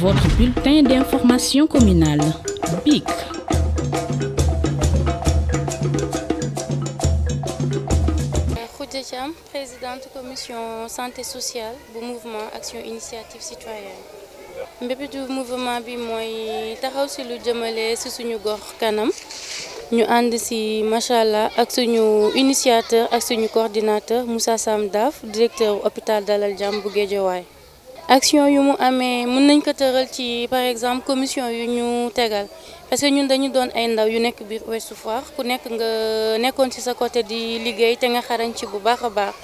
Votre bulletin d'information communale, BIC. Khoudjam, présidente commission santé sociale du mouvement Action Initiative Citoyenne. du mouvement bi mooy taxaw si lu jëmale si suñu gox kanam ñu ànd si macha initiateur ak suñu coordinateur Moussa Samdaf, directeur hôpital Dalal Jamm bu action yu mu amee mën nañ ko tëral ci par exemple commission yu ñu tegal parce que ñun dañu doon ay ndaw yu nekk bi Ouest Foire ku nekk nga nekkoon ci sa côté di liggéey te nga xarañ ci bu baax a baax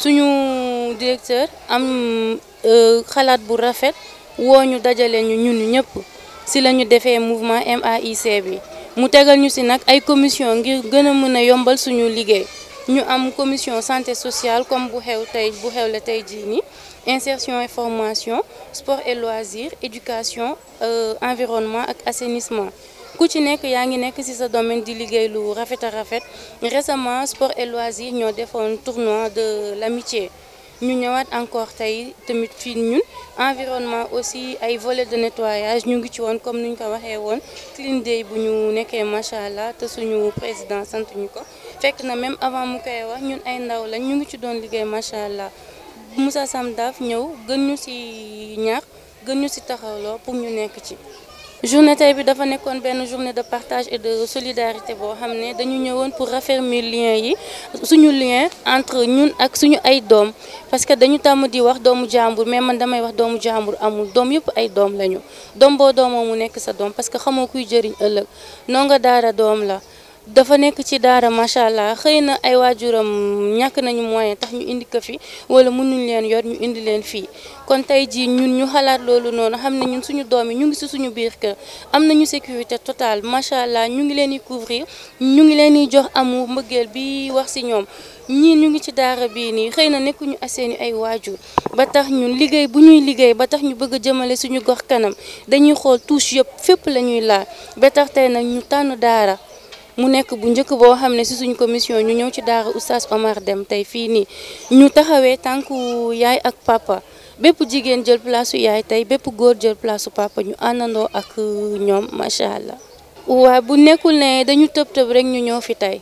suñu directeur am euh, xalaat bu rafet woo ñu dajale ñu ñun ñëpp ci la ñu defee mouvement MAIC bi mu tegal ñu si nag ay commission ngir gën a mën a yombal suñu liggéey ñu am commission santé sociale comme bu xew tey bu xew la insertion et formation sport et loisirs, éducation euh, environnement ak assainissement ku que nekk nek ngi nekk ci sa domaine di liggéey lu rafet a rafet récemment sport et loisirs ñoo defoon tournoi de l'amitié ñu ñëwaat encore tay tamit fi ñun environnement aussi ay volet de nettoyage ñu ngi ci won comme ni ñu ko waxé won clean day bu ñu nekkee machallah te suñu président sant ñuko fekk na même avant mu koy wax ñun ay ndaw lañ ñu ngi ci doon liggéey macha allah Moussa Sam daaf ñëw gën ñu si ñax gën ñu si taxawloo pour ñu nekk ci. journée tey bi dafa nekkoon benn journée de partage et de solidarité boo xam ne dañu ñëwoon pour raffermir lien yi suñu lien entre ñun ak suñu ay doom parce que dañu tàmm di wax doomu jàmbur mais man damay wax doomu jàmbur amul doom yëpp ay doom lañu doom boo doomoo mu nekk sa doom parce que xamoo kuy jëriñ ëllëg noo nga doom la. dafa nekk ci daara macha allah xëy na ay waajuram ñàkk nañu moyen tax ñu indi ko fi wala mënuñ leen yor ñu indi leen fii kon tey jii ñun ñu xalaat loolu noonu xam ne ñun suñu doom yi ñu ngi si suñu biir kër am nañu sécurité totale macha allah ñu ngi leen di couvrir ñu ngi leen di jox amour mbëggeel bi wax si ñoom ñii ñu ngi ci daara bii nii xëy na nekkuñu ak seeni ay waajur ba tax ñun liggéey bu ñuy liggéey ba tax ñu bëgg a jëmale suñu gox kanam dañuy xool touche yëpp fépp la ñuy laal ba tax nag ñu tànn daara mu nekk bu njëkk boo xam ne si suñu commission ñu ñëw ci daara oustaz Omar dem tey fii nii ñu taxawee tànku yaay ak papa bépp jigéen jël place su yaay tey bépp góor jël place su papa ñu àndandoo ak euh, ñoom macha allah. waaw bu nekkul ne dañu tëb tëb rek ñu ñëw fi tey.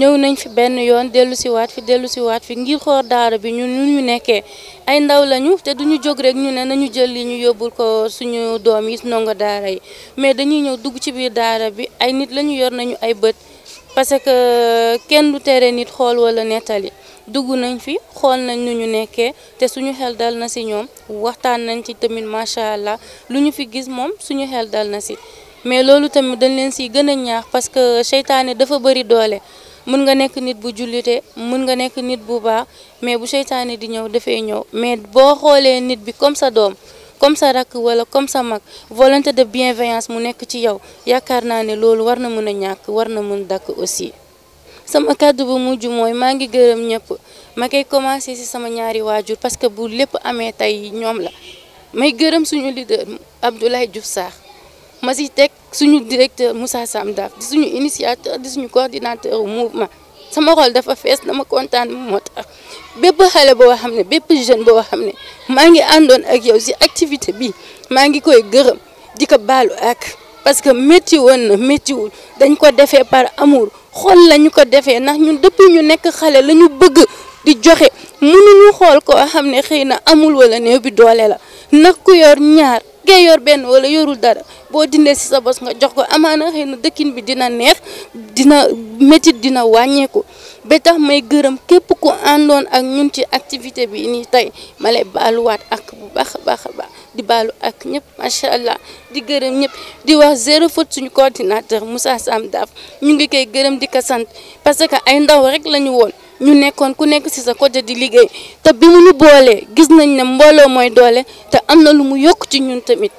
ñëw nañ fi benn yoon dellu si waat fi dellu si waat fi ngir xool daara bi ñun ñu nekkee ay ndaw lañu te du ñu jóg rek ñu ne nañu jël li ñu yóbbul ko suñu doom yi ndongo daara yi mais dañuy ñëw dugg ci biir daara bi ay nit lañu yor nañu ay bët parce que kenn du tere nit xool wala nettali dugg nañ fi xool nañ nu ñu nekkee te suñu xel dal na si ñoom waxtaan nañ ci tamit macha allah lu ñu fi gis moom suñu xel dal na si mais loolu tamit dañu leen siy gën a ñaax parce que seytaane dafa bëri doole mën nga nekk nit bu jullite mun nga nekk nit bu baax mais bu seytaane di ñëw dafay ñëw mais boo xoolee nit bi comme sa doom comme sa rakk wala comme sa mag volonté de bienveillance mu nekk ci yow yaakaar naa ne loolu war na mën a ñàkk war na mën dakk aussi sama kàddu bu mujj mooy maa ngi gërëm ñëpp ma koy commencé ci sama ñaari waajur parce que bu lépp amee tey ñoom la may gërëm suñu leader Abdoulaye Diouf Sarr ma si teg suñu directeur Moussa Sam Daf di suñu initiateur di suñu coordinateur mouvement sama xol dafa fees dama kontaan moo tax bépp xale boo xam ne bépp jeune boo xam ne maa ngi àndoon ak yow si activité bi maa ngi koy gërëm di ko baalu ak parce que métti woon na méttiwul dañ ko defee par amour xol la ko defee ndax ñun depuis ñu nekk xale la bëgg di joxe mënuñu xool koo xam ne xëy na amul wala néew bi doole la nag ku yor ñaar ngay yor benn wala yorul dara boo dindee ci sa bos nga jox ko amaana xëy na dëkkin bi dina neex dina métit dina wàññeeku ba tax may gërëm képp ku àndoon ak ñun ci activité bi nii tey male lay ak bu baax baax baax di baalu ak ñëpp macha allah di gërëm ñëpp di wax zéro faute suñu coordinateur Moussa Sam Daaf ñu ngi koy gërëm di ko sant parce que ay ndaw rek la ñu woon. ñu nekkoon ku nekk ci sa côté di liggéey te bi mu ñu boolee gis nañ ne mbooloo mooy doole te am na lu mu yokk ci ñun tamit